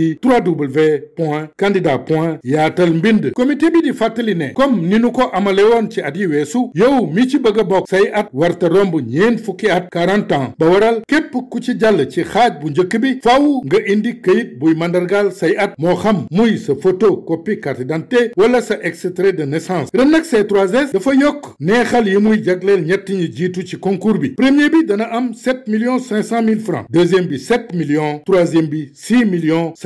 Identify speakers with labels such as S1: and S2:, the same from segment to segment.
S1: di 3w point candidat yaatal mbind comité bi di fàttali ne comme ni nu ko amale woon ci at yi weesu yow mi ci bëgg a bokk say at warta romb ñeen fukki at 40 ans ba waral képp ku ci jàll ci xaaj bu njëkk bi faaw nga indi këyit buy mandargaal say at moo xam muy sa photo copie carte d'identité wala sa extrait de naissance ren nag c 3 dafa yokk neexal yi muy jagleel ñetti ñi jiitu ci concours bi premier bi dana am 7 millions 500 mille francs deuxième bi 7 millions troisième bi 6 millions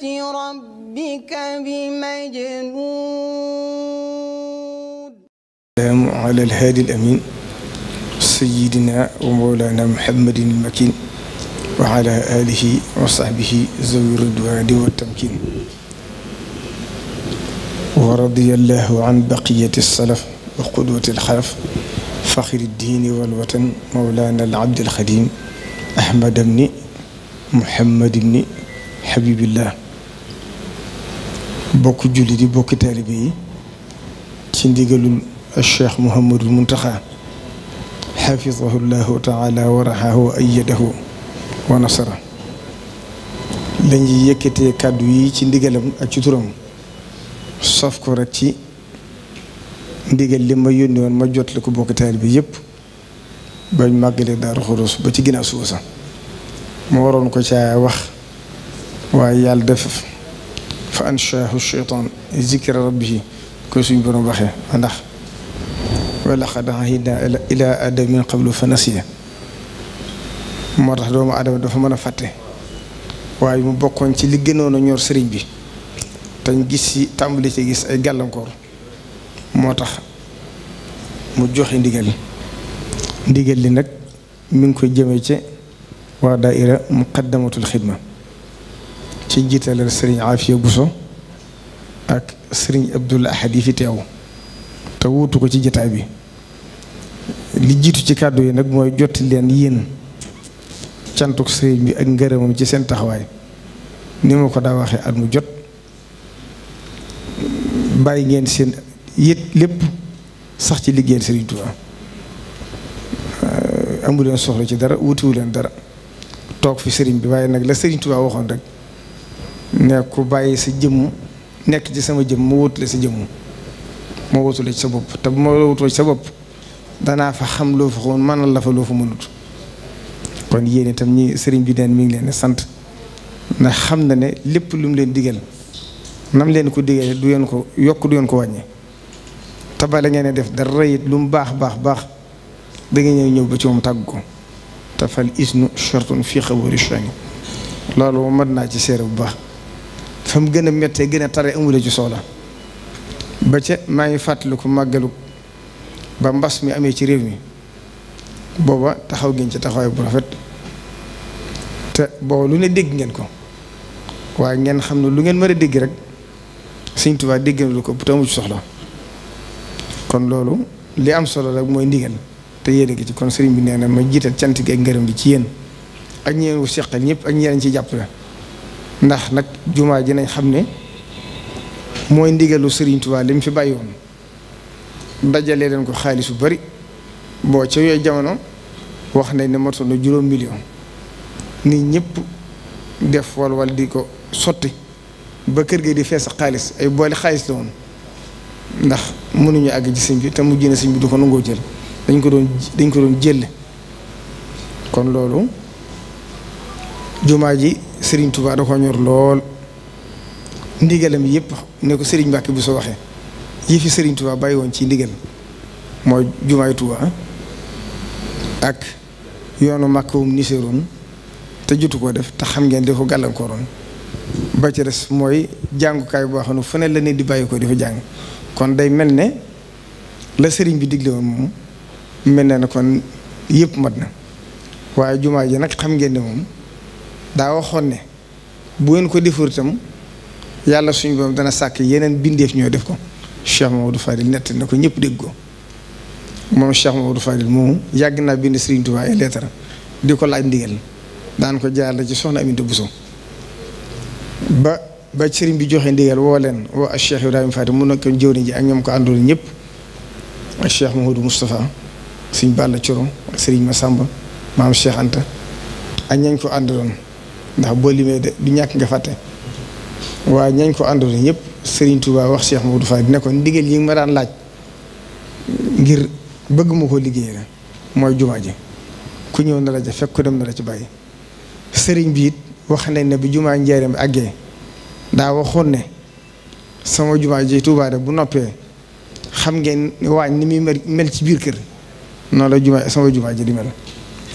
S2: salaamu ala alhaadi alamin sayidina wa mawlana muhammadin almakin wa ala alihi wa saxbihi zawi ridwaani wa tamkin wa radiya allahu an baqiyati salaf wa qudwati alxalaf faxri ddiini walwatan mawlana alabdi alxadim ahmad bni muhammad bni xabibillah bokk julli di bokki taalibe yi ci ndigalul cheikh Mouhamadul Muntaxa xafidahu llahu taala wa raxahu wa ayadahu wa nasara lañuy yëkkatee kàddu yi ci ndigalam ak ci turam saf ko rek ci ndigal li ma yónni woon ma jot li ko bokki taalibe yépp bañ màggalee Daaru Xudoos ba ci ginnaaw suba sax ma waroon ko caa wax waaye yàlla def fa anshaahu sheytaan zikra rabbihi koy suñ boroom waxee ndax walaqad ahidna ila adama min qablu fa nasiya moo tax doomu adama dafa mën a fàtte waaye mu bokkoon ci li gënoon a ñor sëriñ bi tañ gis ci tàmbali ci gis ay gàllankoor moo tax mu joxe ndigal ndigal li nag mi ngi koy jëme ci waa daaira muqaddamatul xidma ci njiitalal sëriñ Afiya so ak sëriñ Abdul Ahad yi fi teew te wuutu ko ci jataay bi li jiitu ci kàddu yi nag mooy jotti leen yéen cantuk sëriñ bi ak ngërëmam ci seen taxawaay ni ma ko daa waxee at mu jot bàyyi ngeen seen yët lépp sax ci liggéeyal sëriñ Tuubaa amu leen soxla ci dara wutiwu leen dara toog fi sëriñ bi waaye nag la sëriñ Tuubaa waxoon rek ne ku bàyyi sa jëmm nekk ci sama jëm mu wutale sa jëmm ma wutale ci sa bopp te bu ma wutoo ci sa bopp danaa fa xam loo fa xawoon na la fa loo fa mënut kon yéen itam ñi sëriñ bi neen mi ngi leen sant ndax xam na ne lépp lu mu leen digal nam leen ko digalee du yoon ko yokk du yoon ko wàññi tabale ngeen def dara it lu mu baax baax baax da ngeen ñëw ba ci moom tàgg ko te fal isnu shortun fii xabaru loolu mat naa ci seere bu baax fa mu gën a méttee gën a tare amula ci soxla ba ca maa ngi fàttaliku màggalu ba mbas mi amee ci réew mi booba taxaw ngeen ca taxawaay bu rafet te booba lu ne dégg ngeen ko waaye ngeen xam ne lu ngeen mën dégg rek Sëñ Tuubaa dégg na lu ko bu tamu ci soxla kon loolu li am solo rek mooy ndigal te yéen a ci kon sëriñ bi nee na ma jiital cant gi ak ngërëm bi ci yéen ak ñeen wu seqal ñëpp ak ñeneen ci jàppale ndax nag jumaa ji nañ xam ne mooy ndigalu Serigne Touba li mu fi bàyyi woon dajale leen ko xaalis bu bari boo ca yooyu jamono wax nañ ne motoon na juróom million nit ñëpp def walwal di ko sotti ba kër gi di fees xaalis ay boole xaalis la woon ndax mënuñu àgg ci sëñ bi te mu génne sëñ bi du ko nangoo jël dañ ko doon dañ ko doon jël kon loolu jumaa ji Serigne Touba da ñor lool ndigalam yëpp ne ko Serigne Mbacke bu soo waxee yi fi Serigne Touba bàyyi woon ci ndigal mooy jumaay Touba ah, ak yoonu màkkawum niseeroon te jutu koo def te xam ngeen di ko gàllankooroon ba ci des mooy jàngukaay boo xam ne fu ne la nit di bàyyi ko di jàng kon day mel ne la sëriñ bi digle woon moom mel ne na kon yépp mat na waaye jumaa ji nag xam ngeen ne moom daa waxoon ne bu ngeen ko defur itam yàlla suñu borom dana sàkk yeneen bindeef ñoo def ko Cheikh Mamadou Fadil nett na ko ñëpp dégg ko moom Cheikh Mamadou Fadil moomu yàgg naa bind Serigne Touba ay ko laaj ndigal daan ko jaarale ci soxna Aminta Bousso sëriñ bi joxe ndigal woo leen woo ak Cheikh Ibrahima ji ak ñoom ko àndoon ñëpp ak Cheikh Mamadou Moustapha Sëriñ ma Coro ak Sëriñ maam Cheikh Anta ak ñañ ko àndaloon ndax boo limee de du ñàkk nga fàtte waaye ñañ ko àndoon ñëpp sëriñ Touba wax Cheikh Modou Fall ne ko ndigal yi ma daan laaj ngir bëgg ma koo liggéey na mooy jumaa ji ku ñëw na la ja dem na ci bàyyi sëriñ bi it ne bi jumaa njaareem bi àggee ne sama jumaa ji Tuubaa de bu noppee xam ngeen waañ ni muy mel mel ci biir kër noonu la jumaa sama jumaa ji di mel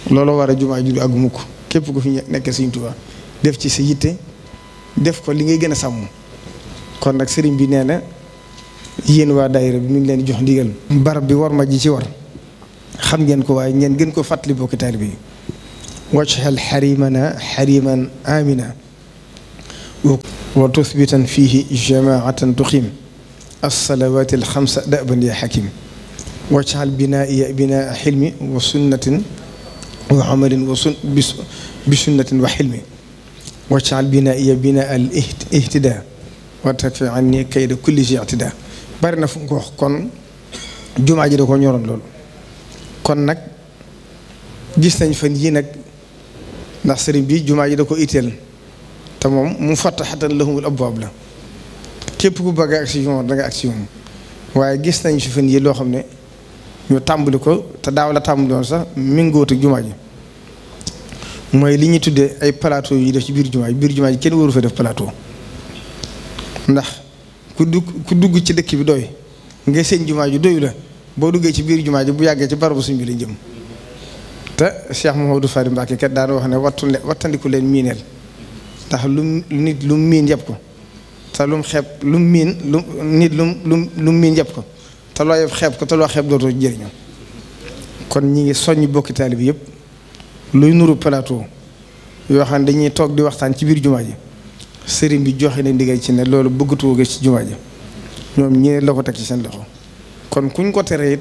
S2: loolu war a jumaa ji du àgg mukk képp ku fi nekk Sëriñ Tuubaa def ci sa def ko li ngay gën a sàmm kon nag sëriñ bi nee na yéen waa daayira bi mi ngi leen jox ndigal barab bi war ma ji ci war xam ngeen ko waaye ngeen gën ko fàttali bokki taalibe bi wajhal xarimana xariman amina wa tusbitan fihi jamaatan tuqim alsalawat alxamsa daban ya xakim wajhal binaiya binaa xilmi wa sunnatin wa amalin bi sunnatin wa xilmi wajal bina iya bina al ihtida wa takfi anni kayda kulli si ihtida bari na fu mu ko wax kon jumaa ji da ko ñoroon loolu kon nag gis nañ fan yii nag ndax sëriñ bi jumaa ji da ko itteel te moom mu fattaxatan lahumul abwaab la képp ku bëgg ak si moom da ak si moom waaye gis nañ si fan yii loo xam ne ñu tàmbali ko te daaw la tàmbali woon sax méngóo ak jumaa ji mooy li ñu tuddee ay plateau yu def ci biir jumaa biir jumaa ji kenn waru fa def plateau ndax ku dugg ku dugg ci dëkk bi doy nga seen jumaa ju doyu la boo duggee ci biir jumaa ji bu yàggee ci barabu suñ bi la jëm te Cheikh Mouhamadou Fari Mbacke kat daan wax ne wattu wattandiku leen miineel ndax lu nit lu miin yëpp ko te lu mu xeeb lu mu miin lu nit lu mu miin yëpp ko te loo yëpp xeeb ko te loo xeeb dootoo jëriñoo kon ñi ngi soññ bokki taalibe bi yëpp. luy nuru plateau yoo xam ne dañuy toog di waxtaan ci biir jumaa ji sëriñ bi joxe na ndigal ci ne loolu bëggatuwoo gis ci jumaa ji ñoom ñeneen la ko teg ci seen loxo kon kuñ ko tere it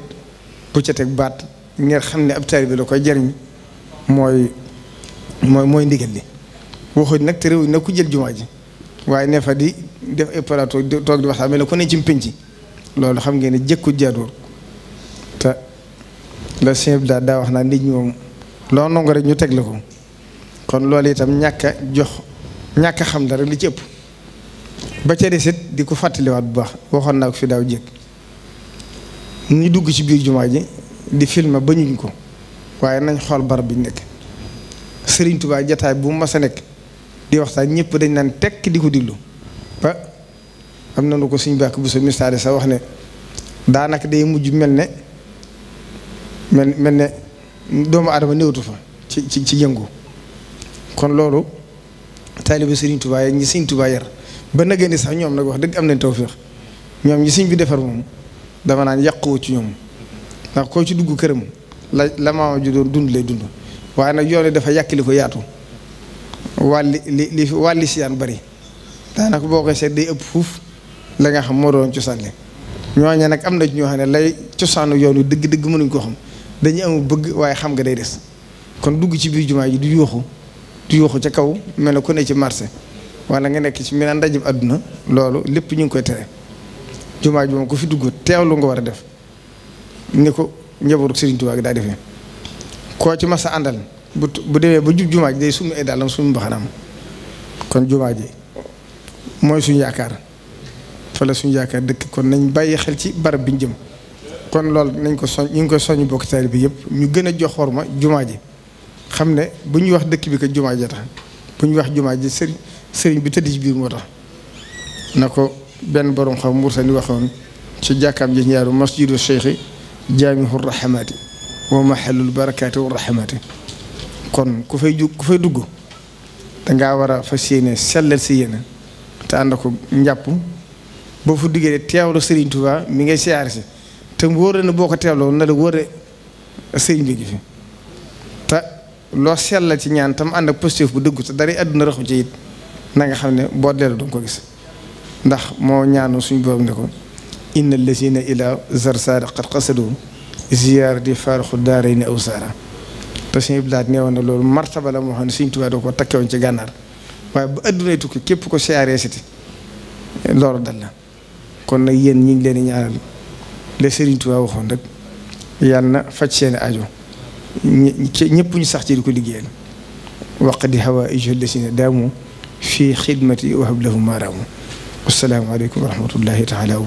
S2: bu ca teg baat ngeen xam ne ab taalibe la koy jariñ mooy mooy mooy ndigal li waxuñ nag te réew nag ku jël jumaa ji waaye neefa fa di def ay plateau toog di waxtaan mel ne ku ne ci pénc loolu xam ngeen ne jëkku jaaduwul te la sëñ bi daa wax naa nit ñi loo nangu rek ñu teg la ko kon loolu itam ñàkk jox ñàkk a xam dara li ci ëpp ba ca des di ko fàttaliwaat bu baax waxoon naa ko fi daaw jég ñu dugg ci biir jumaa ji di filmer ba ñuñ ko waaye nañ xool barab bi nekk sëriñ Touba jataay bu mas a nekk di waxtaan ñëpp dañ naan tekk di ko diglu ba am na nu ko suñ bàkk bu sa ministère sa wax ne daanaka day mujj mel ne mel mel ne. doomu aadama néewtu fa ci ci ci yëngu kon loolu taalibe Serigne Touba yi ñi Serigne Touba yar ba nageen sax ñoom nag wax dëgg am nañ tawféex ñoom ñi Serigne bi defar moom dama naan yàquwoo ci ñoom ndax koo ci dugg këram la la maama ju doon dund lay dund waaye nag yoon dafa yàkkili ko yaatu wàlli li li wàlli siyaan bari daanak boo koy seet day ëpp fuuf la nga xam moo doon cosaan li ñooñu nag am na ñoo xam ne lay cosaanu yoon wi dëgg-dëgg mënuñ koo xam. dañuy am bëgg waaye xam nga day des kon dugg ci biir jumaa ji du yuuxu du yuuxu ca kaw mel na ku ne ci marché wala nga nekk ci mi ndaje ndajib àdduna loolu lépp ñu ngi koy tere jumaa ji moom ku fi dugg teewlu nga war a def ni ko njabootu Sëriñ Tuubaa gi daa defee koo ci masa àndal bu bu demee ba jub jumaa ji day summi ay dàllam summi mbaxanaam kon jumaa ji mooy suñ yaakaar fa la suñu yaakaar dëkk kon nañ bàyyi xel ci barab bi ñu jëm kon loolu nañ ko soñ ñu ngi koy soññ bokk taalibe bi yëpp ñu gën a jox ma jumaa ji xam ne bu ñuy wax dëkk bi ko jumaa ji tax bu ñuy wax jumaa ji sëriñ sëriñ bi tëdd ci biir moo tax na ko benn borom xam Murtani waxoon ci jàkkaam ji ñaaru masjidu cheikhi jaamihu rahamaati wa mahallul barakaati wa rahamaati kon ku fay ju ku fay dugg dangaa war a fas yéene sellal si yéene te ànd ko njàpp boo diggee duggee teewlu Sëriñ Tuubaa mi ngay siyaar si te wóor na boo ko teewloo na la wóore sëñ bi fi te loo la ci ñaan tam ànd ak positif bu dëggu te dara àdduna raxu ci it na nga xam ne boo dellu du ko gis ndax moo ñaanu suñ boobu ne ko inna lazina ila zarsara kat qasadu ziyaar di faaraxu daara ni aw saara te suñu blaat neewoon na loolu martaba la moo xam ne suñ tubaab doo ko takkewoon ci gànnaar waaye bu àdduna tukki képp ko siyaaree siti loolu dal la kon nag yéen ñi ngi leen di ñaanal la Serigne Touba waxoon rek yàlla na faj seen ajo ñëpp ñu sax ci di ko liggéeyal waq di hawa ijolle si ne daamu fii xidmati wahab wa rahmatullahi taala wa